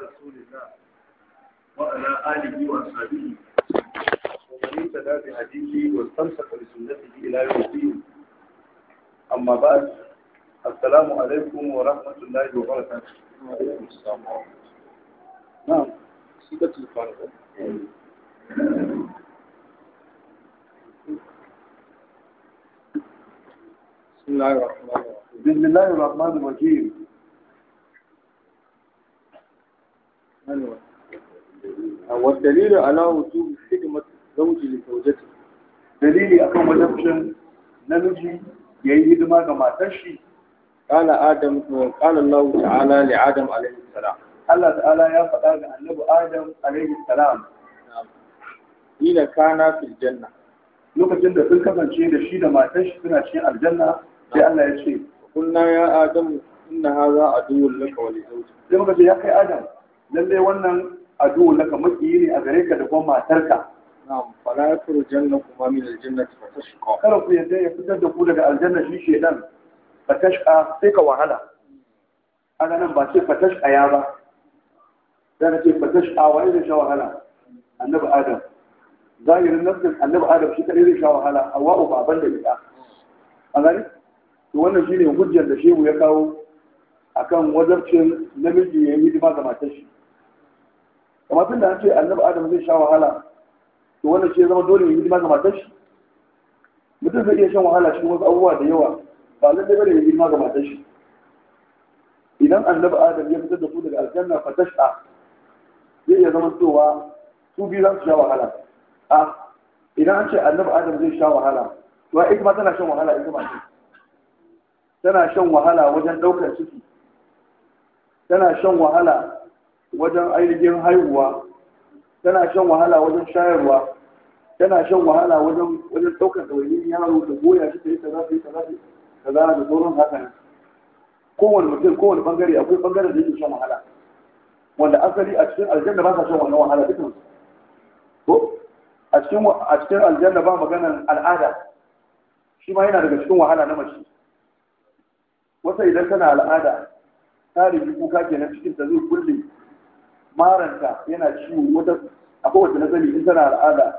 رسول الله وعلى آله وأصحابه ومن اهتدى بهديه واستمسك بسنته إلى يوم الدين أما بعد السلام عليكم ورحمة الله وبركاته وعليكم السلام ورحمة الله نعم سيدة الفرق بسم الله الرحمن الرحيم بسم الله الرحمن الرحيم والدليل على وجوب خدمة زوجي لزوجته دليل أكون وجبشن نمجي يهيد ما كما تشي قال آدم قال الله تعالى لآدم عليه السلام الله تعالى يا فتاة نبو آدم عليه السلام إلى كان في الجنة lokacin جنة sun kasance شيء shi ما تشي shi شيء cikin aljanna sai Allah ya ce kunna ya adam inna hadha aduwwun laka wa li zawjika sai muka lalle wannan adu laka yi ne a gare ka da kuma matarka na'am fala janna kuma min aljannati fatashqa Kar ku yadda ya fitar da ku daga aljanna shi nan, fatashqa sai ka wahala ana nan ba ce fatashqa ya ba sai ta ce fatashqa wani idan sha wahala annabi adam zahirin nafsin annabi adam shi kadai zai sha wahala hawa'u ba banda ita a gani to wannan shine hujjar da shehu ya kawo akan wajabcin namiji ya yi hidima ga matar shi amma tun da an ce annabi adam zai sha wahala to wannan shi zama dole yi hidima ga matar shi mutum zai iya shan wahala cikin wasu abubuwa da yawa ba zai daga da hidima ga matar shi idan annabi adam ya fitar da su daga aljanna fa A, zai iya zama cewa su biyu za su sha wahala a idan an ce annabi adam zai sha wahala to ita ma tana shan wahala ita ma tana shan wahala wajen ɗaukar ciki tana shan wahala wajen ainihin haihuwa tana shan wahala wajen shayarwa tana shan wahala wajen wajen ɗaukar ɗawainin yaro da goya shi ta yi kaza ta yi kaza ta yi kaza da sauran haka ne kowane mutum kowane bangare akwai bangaren da yake shan wahala wanda asali a cikin aljanna ba sa shan wannan wahala dukkan ko a cikin a cikin aljanna ba maganar al'ada shi ma yana daga cikin wahala na mace wata idan tana al'ada ta rubi kuka kenan cikin ta zai kulle maranta yana ciwo wata akwai wata nazari in tana al'ada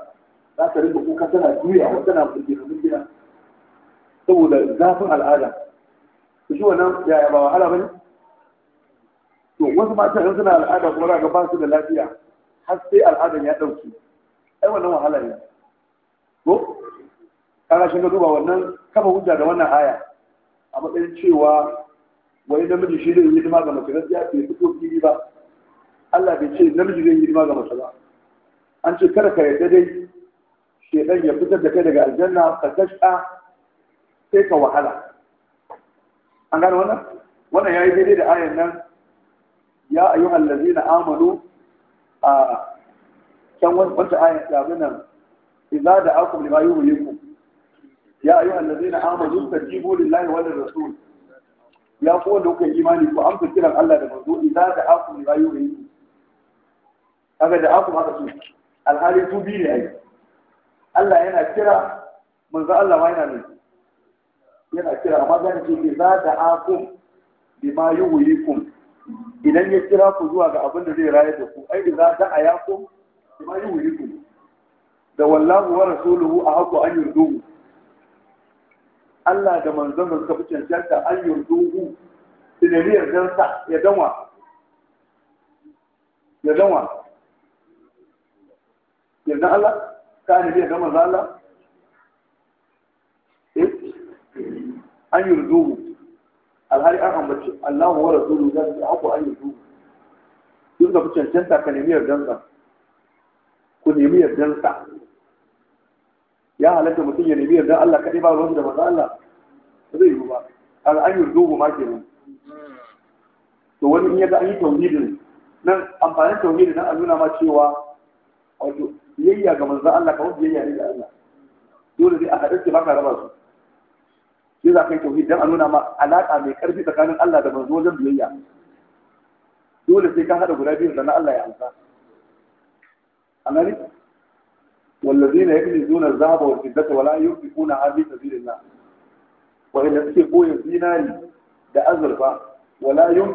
za ta rinka kuka tana juya wata tana burgina saboda zafin al'ada ku shi wannan yaya ba wahala bane to wasu mata in suna al'ada kuma za ka ba su da lafiya har sai al'adan ya ɗauki ai wannan wahala ne ko kana ka duba wannan kafa hujja da wannan aya a matsayin cewa wani namiji shi zai yi hidima ga mace gaskiya bai fito fili ba Allah bai ce namiji zai yi hidima ga mace ba an ce kada ka yarda dai shedan ya fitar da kai daga aljanna ka tashka sai ka wahala an gano wannan wannan yayi daidai da ayan nan ya ayyuhal ladzina amanu a can wata ayan da nan idza da'akum lima yuhyikum ya ayyuhal ladzina amanu tajibu lillahi wa lirrasul ya ku wanda kuka imani ku amsa kiran Allah da manzo idza da'akum lima yuhyikum kaga da aku haka su alhali su biyu ne ai Allah yana kira manzo Allah ma yana ne yana kira amma zan ce bi za da bi ma yuhyikum idan ya kira ku zuwa ga abin da zai rayar da ku ai za da ayakum ma yuhyikum da wallahu wa rasuluhu a haku an yurduhu Allah da manzon da suka fi cancanta an yurduhu da ne yardan sa ya danwa ya danwa yardan Allah ka ne ya gama Allah eh an yurdu alhari an ambaci Allahu wa rasuluhu za su haƙo an Duk da zafi cancanta ka nemi yardansa ku nemi yardansa ya halatta mutum ya nemi yardan Allah kaɗai ba ruwan da maza Allah zai yi ba al'an yurduhu ma kenan to wani in ya ga an yi tauhidin nan amfanin tauhidin nan a nuna ma cewa wato biyayya ga manzon Allah kamar biyayya ne ga Allah dole sai a haɗa ce ba raba su sai za ka yi tauhid dan a nuna ma alaƙa mai ƙarfi tsakanin Allah da manzo wajen biyayya dole sai ka haɗa guda biyu da na Allah ya amsa an gani والذين يكنزون الذهب والفضة ولا ينفقونها في سبيل الله وإن تكون زيناري ده أزرفة ولا ينفق